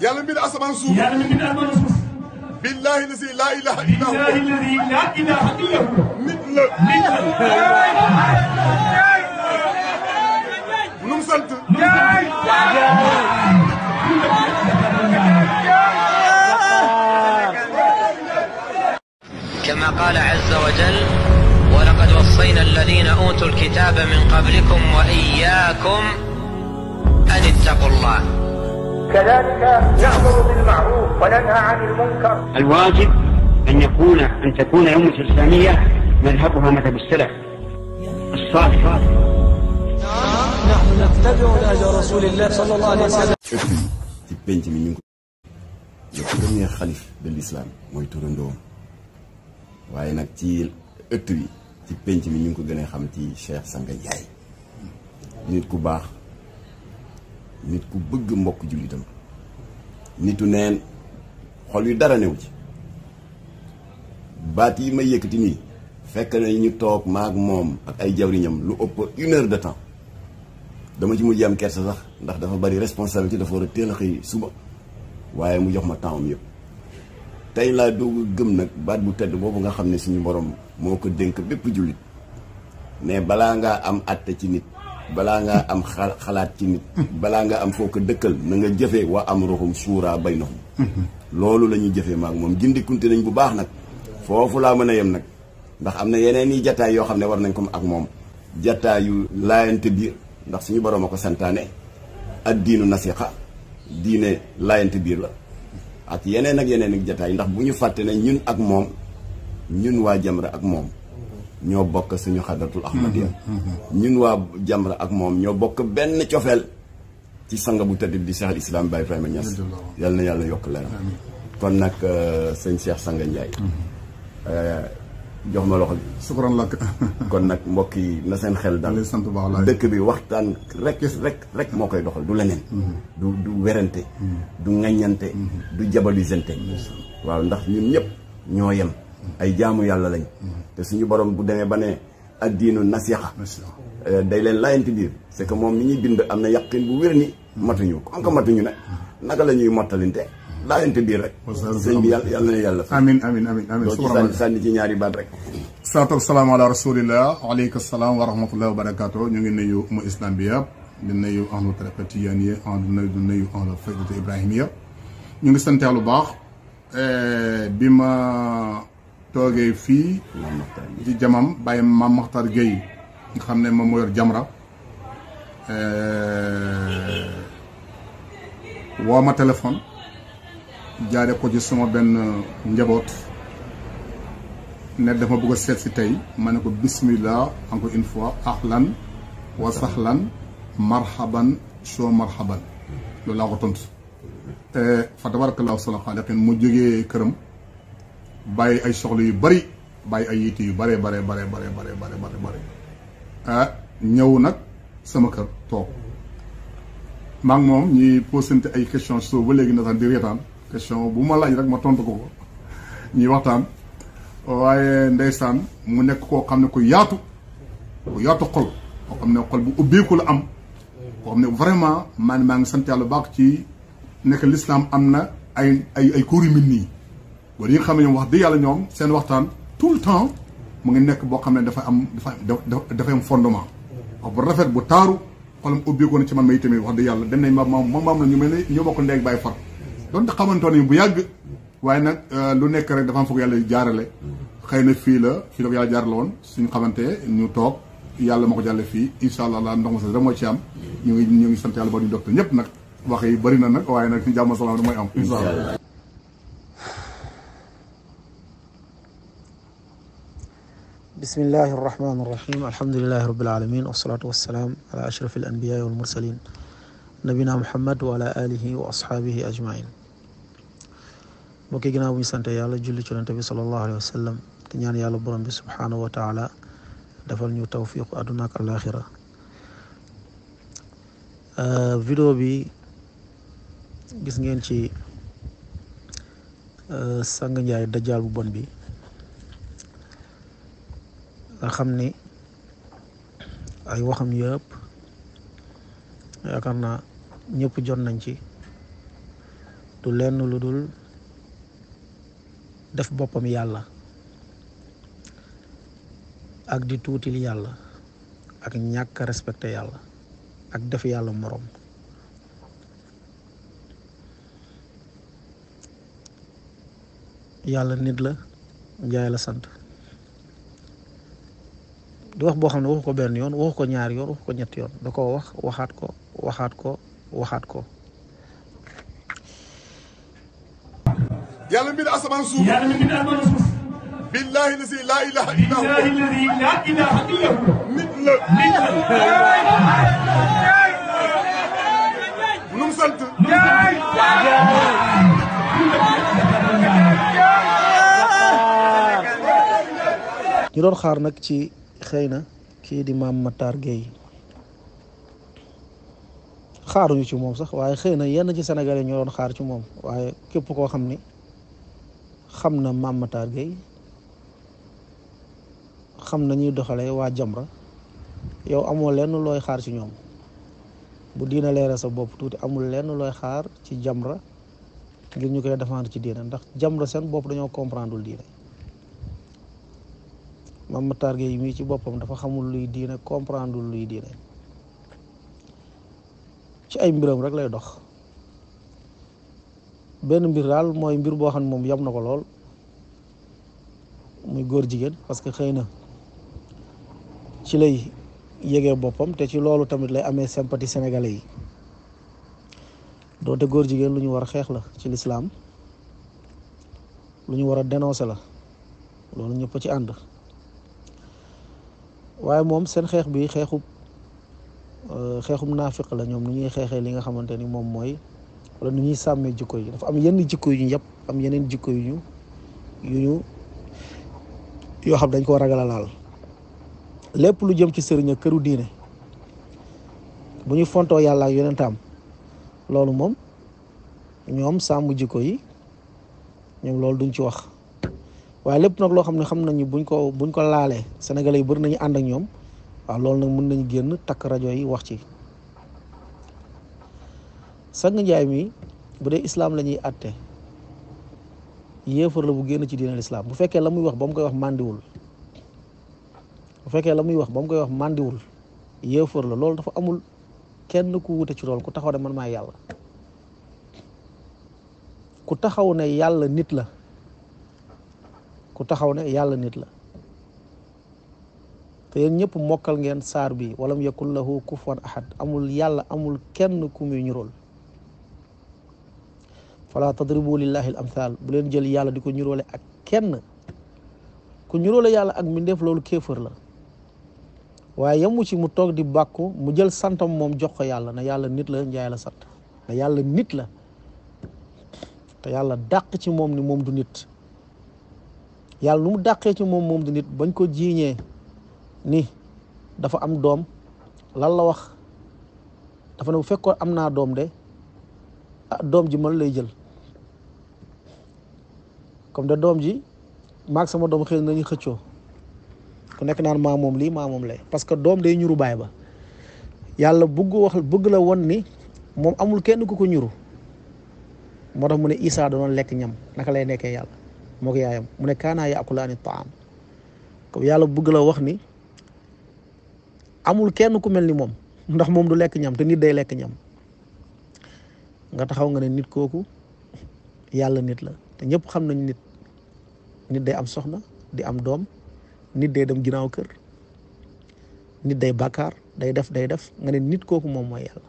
يا لم من أسمان سوف يا لم من أسمان سوف بالله الذي لا إله إلا هو بالله الذي لا إله إلا هو مثل مثل نمسلت كما قال عز وجل ولقد وصينا الذين أوتوا الكتاب من قبلكم وإياكم أن اتقوا الله كذلك نأمر بالمعروف وننهى عن المنكر الواجب أن يكون أن تكون الأمة الإسلامية مذهبها مذهب السلف الصالح نحن نتبع الأجر رسول الله صلى الله عليه وسلم premier de l'islam ci wi ci penc mi ñu ko xam ci Cheikh Sanga nit ku nit ku bëgg mbokk nitu neen xol yu dara newu ci baat yi ma yëkkati nii fekk na ñu toog maag moom ak ay jawriñam lu ëpp une de temps dama ci mujj am kersa sax ndax dafa bari responsabilité dafa war a teel a xëy suba waaye mu jox ma temps am yëpp tey laa doog gëm nag baat bu tedd boobu nga xam ne suñu borom moo ko dénk bépp jullit mais balaa ngaa am àtte ci nit balaa ngaa am xalaat ci nit balaa nga am foo ko dëkkal na nga jëfee waa am ruhum suuraa bay naxum loolu la ñuy jëfee maak moom gindikunte nañ bu baax nag foofu laa mën a yem nag ndax am na yeneen i jataay yoo xam ne war nañ ko ak moom jataayu laayante biir ndax suñu borom a ko santaane ak diinu nasixa diine laayante biir la ak yeneen ak yeneen ak jataay ndax bu ñu fàtte ne ñun ak moom ñun waa Jamra ak moom ño ke suñu khadratul ahmadiyya mm-hmm. Mm-hmm. ñun wa jamra ak mom ño bok ben ciofel ci sanga bu di cheikh islam Baye fayma ñass yalla na yàlla yokk leeram kon nak euh, seigne cheikh sanga mm-hmm. euh jox ma loxo sukran lak kon nak mbokki na seen xel dal dekk bi waxtan rek rek rek mo koy doxal du lenen du du werante du ŋaññante du jabalisante waaw ndax ñun ñep ay jaamu yàlla lañ te suñu borom bu demee ba ne ak diinu nasiha eh, day leen laayante biir c'est que moom mi ñuy bind am na yàqin bu wér ni matuñu comme que matuñu nag naka la ñuy mottalinte laayante biir rek sëñ bi yàlla yàlla na yàlla amin amin amin amin sa ci sànni ci ñaari baat rek salaatu wasalaam ala rasulillah aleyka salaam wa rahmatullah wa barakatuh ñu ngi nuyu mu islam bi yëpp di nuyu ahlu tariqa tijaaniyya di nuyu ahlu faydatu ibrahimiyya ñu baax eh, bi ma توغي في دي جامام باي مام مختار جاي خا خنني مام مو يور جامرا ا واما تليفون جاري كو جي سما بن نجابوت ني دا ما بوغ سيتسي تاي مانيكو بسم الله انكو اون فوا اهلا وسهلا مرحبا شو مرحبا لو لا غتونت ا فتبارك الله وصلى الله عليه وسلم مو جوغي كرم bàyyi ay soxla yu bari bàyyi ay yitte yu bare bare bari bari bari bare bare bare ah ñëw nag sama kër toog maa ngi moom ñuy posante ay question soo ba léegi nag sax di reetaan question bu ma laaj rek ma tontu ko ko ñuy waxtaan waaye ndeysaan mu nekk koo xam ne ku yaatu ku yaatu xol koo xam ne xol bu ubbeeku la am koo xam ne vraiment man maa ngi sant yàlla baax ci nekk l'islam am na ay ay ay min nii wala yi nga xam ne ñoom wax dëgg yàlla ñoom seen waxtaan tout le temps mu ngi nekk boo xam ne dafa am dafa dafa am fondement wax bu rafet bu taaru xolam ubbeeku na ci man may tamit wax dëgg yàlla dem nañ ma maam ma maam la ñu mel ne ñoo bokk ndeeg bàyyi far doon te xamantoo bu yàgg waaye nag euh, lu nekk rek dafa am foog yàlla jaarale xëy na fii la fii la ko yàlla jaarale woon suñu xamante ñu toog yàlla moo ko jàlle fii incha allah laa ndox ma sa dara moo ci am ñu ngi ñu ngi sant yàlla ba ñëpp nag wax yi bëri na nag waaye nag ci jàmm salaam mooy am incha allah بسم الله الرحمن الرحيم الحمد لله رب العالمين والصلاة والسلام على أشرف الأنبياء والمرسلين نبينا محمد وعلى آله وأصحابه أجمعين بكينا ويسانتا يا الله جل جلاله النبي صلى الله عليه وسلم كنيان يا الله برم سبحانه وتعالى دفعل نيو توفيق أدناك الآخرة آه فيديو بي بسنجين شي آه سنجين يا دجال ببن بي nga xam ni ay waxam yëpp yaakaar naa ñëpp jot nañ ci du lenn lu dul def boppam yàlla ak di tuutil yàlla ak ñàkk respecté yàlla ak def yàlla morom yàlla nit la jaay la sant di wax boo xam ne waxu ko benn yoon waxu ko ñaari yoon waxu ko ñetti yoon da koo wax waxaat ko waxaat ko waxaat ko. yàlla mbind asamaan suuf. yàlla mbind asamaan suuf. billaahi lazi laa ilaaha illaa huwa. billaahi lazi nu mu sant. ñu doon xaar nag ci. xëy na kii di maam Matar Gueye xaaruñu ci moom sax waaye xëy na yenn ci Sénégalais ñoo doon xaar ci moom waaye képp koo xam ni xam na maam Matar Gueye xam na ñuy doxale waa Jamra yow amoo lenn looy xaar ci ñoom bu diina leeral sa bopp tuuti amul lenn looy xaar ci Jamra ngir ñu koy défendre ci diina ndax Jamra seen bopp dañoo comprendreul diina mam Matar Gueye mii ci boppam dafa xamul luy diine comprendre luy diine ci ay mbiram rek lay dox benn mbir daal mooy mbir boo xam moom yam na ko lool muy góor jigéen parce que xëy na ci lay yegee boppam te ci loolu tamit lay amee sympathie sénégalais yi do góor jigéen lu ñu war a xeex la ci l'islam lu ñu war a dénoncer la loolu ñëpp ci ànd waaye moom seen xeex bi xeexub euh, xeexub naafiq la ñoom nu ñuy xeexee li nga xamante ni moom mooy wala nu ñuy sàmmee jikko yi dafa am yenn jikko yu ñu yëpp am yeneen jikko yu ñu yu ñu yoo xam dañ ko ragala laal lépp lu jëm ci sëriñ këru diine bu ñu fontoo yàlla ak yonentaam loolu moom ñoom sàmm jikko yi ñoom loolu duñ ci wax waaye lépp nag loo xam ne xam nañu buñ ko buñ ko laalee sénégalais yi bëri nañu ànd ak ñoom waaw loolu nag mën nañu génn takk rajo yi wax ci sang njaay mi bu dee Islam, la ñuy àtte yéefar la bu génn ci diinal islaam bu fekkee la muy wax ba mu koy wax màndiwul bu fekkee la muy wax ba mu koy wax màndiwul yéefar la loolu dafa amul kenn ku wute ci lool ku taxaw ne man maa yàlla ku taxaw ne yàlla nit la ku taxaw ne yàlla nit la te yéen ñëpp mokkal ngeen saar bi walam yakun lahu kufuwan ahad amul yàlla amul kenn ku muy ñuróol fala tadribu lillahi al bu leen jël yàlla di ko ñuróole ak kenn ku ñuróole yàlla ak mbindeef loolu kéefër la waaye yemu ci mu toog di bàkku mu jël santam moom jox ko yàlla na yàlla nit la njaay la sant na yàlla nit la te yàlla dàq ci moom ni moom du nit yàlla nu mu dàqee ci moom moom di nit bañ ko jiiñee ni dafa am doom lan la wax dafa ne bu fekkoon am naa doom de ah doom ji man lay jël comme de doom ji maag sama doom xëy nañu xëccoo ku nekk naan maa moom lii maa moom lay parce que doom day ñuru baay ba yàlla bëgg wax la won ni moom amul kenn ku ko ñuru moo tax mu ne Isaa danoon lekk ñam naka lay nekkee yàlla moo ko yaayam mu ne kaanaa yaakulaani taam comme yàlla bëgg la wax ni amul kenn ku mel ni moom ndax moom du lekk ñam te nit day lekk ñam nga taxaw nga ne nit kooku yàlla nit la te ñëpp xam nañ nit nit day am soxna di am doom nit day dem ginaaw kër nit day bàkkaar day def day def nga ne nit kooku moom mooy yàlla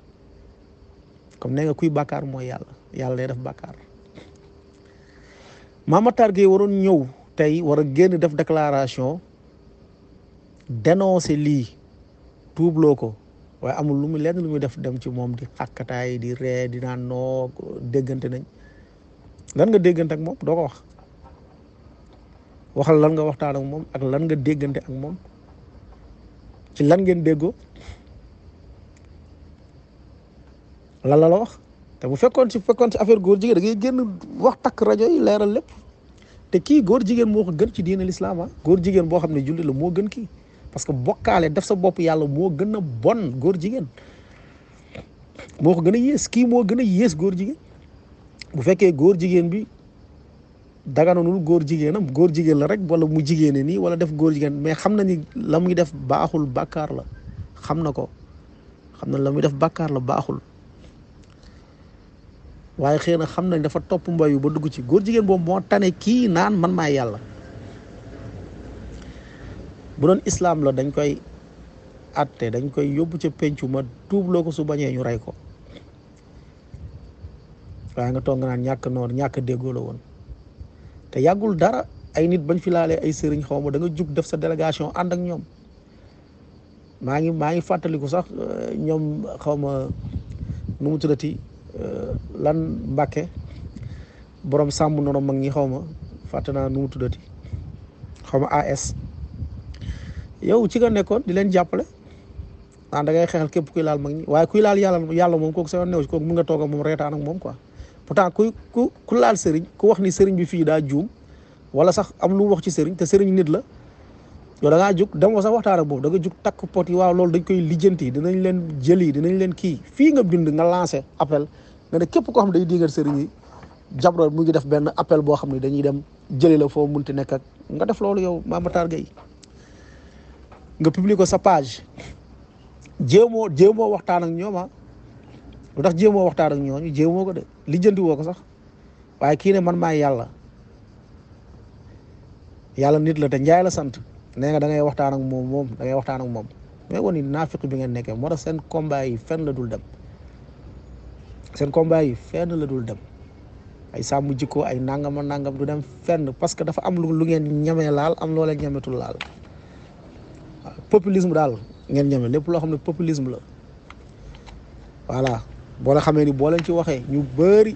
comme nee nga kuy bàkkaar mooy yàlla yàlla day def bàkkaar mama targué waron ñew tay wara génn def déclaration dénoncer li tuubloo ko waaye amul lu mu lenn lu muy def dem ci moom di xàkkataay di ree di naan noo déggante nañ lan nga déggante ak moom doo ko wax waxal lan nga waxtaan ak moom ak lan nga déggante ak moom ci lan ngeen déggoo lan la la wax te bu fekkoon si fekkoon si affaire góor jigéen da ngay génn wax takk rajo leeral lépp te kii góor jigéen moo ko gën ci diine lislaam ah góor jigéen boo xam ne julli la moo gën kii parce que bokkaale def sa bopp yàlla moo gën a bon góor jigéen moo ko gën a yées kii moo gën a yées góor jigéen bu fekkee góor jigéen bi dagananul góor jigéenam góor jigéen la rek wala mu jigéene nii wala def góor jigéen mais xam na ni la muy def baaxul bàkkaar la xam na ko xam na la muy def bàkkaar la baaxul waaye xëy na xam nañ dafa topp mbayu ba dugg ci góor jigéen boobu moo tane kii naan man maay yàlla bu doon islaam la dañ koy atte dañ koy yóbbu ca pencu ma tuubloo ko su bañee ñu rey ko waaye nga toog naan ñàkk noonu ñàkk déggoo la woon te yàggul dara ay nit bañ fi laalee ay sëriñ xaw ma danga jug def sa délégation ànd ak ñoom maa ngi maa ngi fàttaliku sax euh, ñoom xaw ma nu mu tuddati Euh, lan mbake borom sàmm noonu mag ñi xaw ma fàtte naa nu mu tuddati xaw ma AS yow ci nga nekkoon di leen jàppale a ah, da ngay xeexal képp kuy laal mag ñi waaye kuy laal yàlla yàlla moom kooku sa yoon new ci kooku mun nga toog moom reetaan ak moom quoi pourtant kuy ku ku laal sëriñ ku wax ni sëriñ bi fii daa juum wala sax am lu wax ci sëriñ te sëriñ nit la. yow da ngaa jug demoo sax waxtaan ak boobu da jug takk pot yi waaw loolu dañ koy lijjanti dinañ leen jëli dinañ leen kii fii nga bind nga lancé appel nga ne képp koo xam ne day digal sëriñ yi Jabro mu ngi def benn appel boo xam ne dañuy dem jëli la foo munti nekk ak nga def loolu yow Mame Matar Gueye nga publier ko sapage page jéemoo jéemoo waxtaan ak ñoom dax ah. lu tax waxtaan ak ñooñu jéemoo ko de lijjanti woo ko sax waaye kii ne man maay yàlla yàlla nit la te njaay la sant. nee nga da waxtaan ak moom moom da ngay waxtaan ak moom mais woni naafiq bi ngeen nekkee moo tax seen combat yi fenn la dul dem seen combat yi fenn la dul dem ay sàmm jikko ay nangama nangam du dem fenn parce que dafa am lu ngeen ñemee laal am loole ñemetul laal populisme daal ngeen ñame lépp loo xam ne populisme la voilà boo la xamee ni boo leen ci waxee ñu bari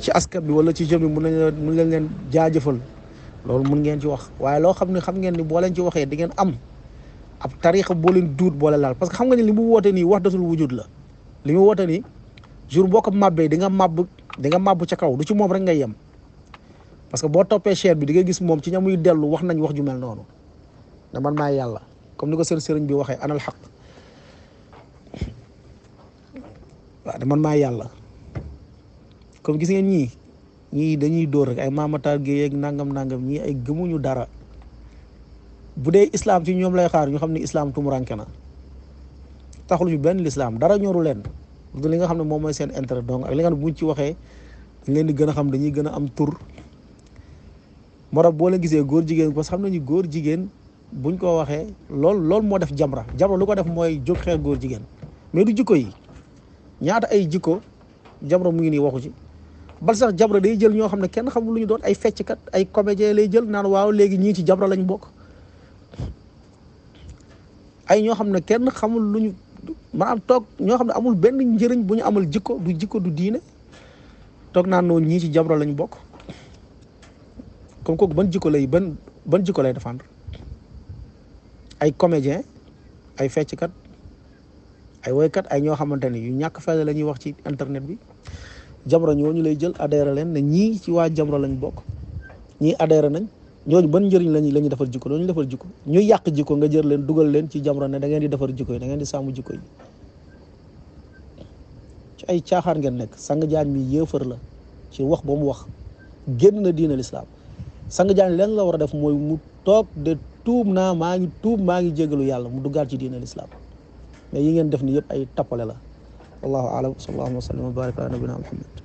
ci askan bi wala ci jëm bi mun na leen mun nañ leen jaajëfal loolu mun ngeen ci wax waaye loo xam ne xam ngeen ni boo leen ci waxee di ngeen am ab tarixa boo leen duut boo leen laal parce que xam nga ni li mu woote nii wax datul wujud la li mu woote nii jour boo ko màbbee di nga màbb di nga màbb ca kaw du ci moom rek ngay yem parce que boo toppee cher bi di nga gis moom ci ñamuy muy dellu wax nañ wax ju mel noonu ne man maay yàlla comme ni ko seen sëriñ bi waxee anal xaq waaw man maay yàlla comme gis ngeen ñii ñii dañuy dóor rek ay Mamata Gueye ak nangam nangam ñii ay gëmuñu dara bu dee islaam ci ñoom lay xaar ñu xam ne islaam tumuranke na taxul ñu benn lislaam dara ñoru leen du li nga xam ne moom mooy seen intérêt donc ak li nga xam ne buñ ci waxee dañ leen di gën a xam dañuy gën a am tur moo tax gisee góor jigéen parce xam nañu góor jigéen buñ ko waxee lool loolu moo def jamra jamra lu ko def mooy jóg xeex góor jigéen mais du jikko yi ñaata ay jikko jamra mu ngi nii waxu ci bal sax jabra day jël ñoo xam ne kenn xamul lu ñu doon ay fecckat ay comédien lay jël naan waaw léegi ñii ci jabra lañ ay ñoo xam ne kenn xamul lu ñu maanaam toog ñoo xam ne amul benn njëriñ bu ñu amal jikko du jikko du diine toog naan noonu ñii ci jabra lañ bokk comme kooku ban jikko lay ban ban jikko lay défendre ay comédien ay fecckat ay woykat ay ñoo xamante ne yu ñàkk fayda la ñuy wax ci internet bi jamra ñooñu lay jël adhéré leen né ñi ci wa jamra lañ bok ñi adhéré nañ ñooñu ban jëriñ lañ la ñuy defal jikko loolu ñu defal jikko ñu yaq jikko nga jër leen duggal leen ci jamra né da ngeen di defar jikko da ngeen di sàmm jikko yi ci ay chaahar ngeen nek sang jaan mi yeufër la ci wax ba mu wax genn na diina l'islam sang jaan leen la wara def moy mu tok de tuub na ma ngi tuub ma ngi jéggelu yàlla mu duggaat ci diina l'islam mais yi ngeen def ni yëpp ay tappale la wallahu alam sallallahu wa sallam wa baraka ala nabiyyina muhammad